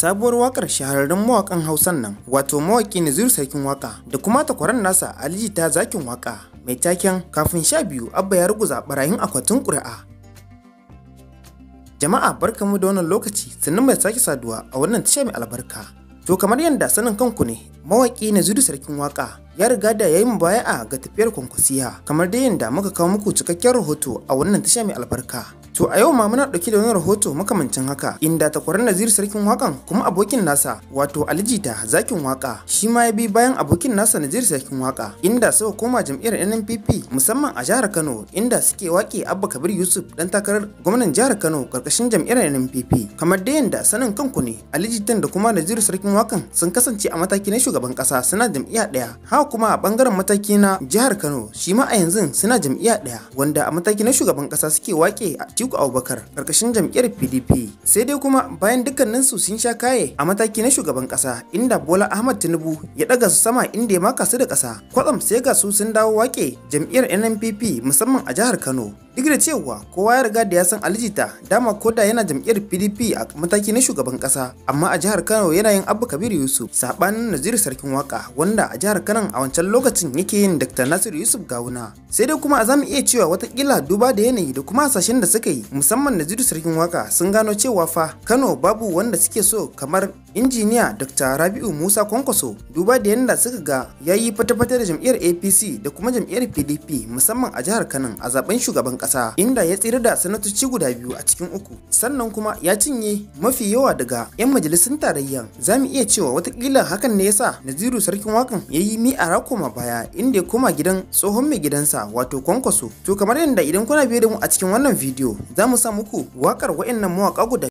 sabuwar wakar shahararren mawakan hausan nan wato mawaki naziru sarkin waka da kuma takwarar nasa aliji ta zakin waka mai taken kafin sha biyu abba ya ruguza barayin akwatin ƙuri'a jama'a barkamu da wannan lokaci sannan mai sake saduwa a wannan tasha mai albarka to kamar yadda sanin kanku ne mawaƙi na zudu sarkin waka ya riga da ya yi ga tafiyar kwankwasiya kamar dai yadda muka kawo muku cikakken rahoto a wannan tasha mai albarka to a yau ma muna dauke da wani rahoto makamancin haka inda takwarar naziru sarkin wakan kuma abokin nasa wato alijita zakin waka shi ma ya bi bayan abokin nasa naziru sarkin waka inda suka koma jam'iyyar nnpp musamman a jihar kano inda suke wake abba kabir yusuf dan takarar gwamnan jihar kano karkashin jam'iyyar nnpp kamar dai yadda sanin kanku ne alijitan da kuma naziru sarkin wakan sun kasance a mataki na shugaban kasa suna jam'iyya ɗaya haka kuma a bangaren mataki na jihar Kano shi ma a yanzu suna jam'iyya ɗaya wanda a mataki na shugaban kasa suke wake a Tiku Abubakar karkashin jam'iyyar PDP sai dai kuma bayan dukkanin su sun sha kaye a mataki na shugaban kasa inda Bola Ahmad Tinubu ya daga su sama inda ya maka su da kasa kwatsam sai ga su sun dawo wake jam'iyyar NNPP musamman a jihar Kano duk da cewa kowa ya riga da ya san alijita dama koda yana jam'iyyar pdp a mataki na shugaban kasa amma a jihar kano yana yin Abba kabiru yusuf sabanin naziru sarkin waka wanda a jihar kano a wancan lokacin yake yin dr nasiru yusuf gawuna sai dai kuma a zamu iya cewa watakila duba da yanayi da kuma hasashen da suka yi musamman naziru sarkin waka sun gano cewa fa kano babu wanda suke so kamar injiniya dr rabi'u musa kwankwaso duba da yadda suka ga ya yi fata-fata da jam'iyyar apc da kuma jam'iyyar pdp musamman a jihar kano a zaben shugaban kasa inda ya tsira da sanatoci guda biyu a cikin uku sannan kuma ya cinye mafi yawa daga 'yan majalisun tarayya za mu iya cewa watakila hakan ne yasa naziru sarkin wakan ya yi mi a koma baya inda ya koma gidan tsohon mai gidansa wato kwankwaso to kamar yadda idan kuna biye da mu a cikin wannan bidiyo za mu sa muku wakar wa'annan mawaka guda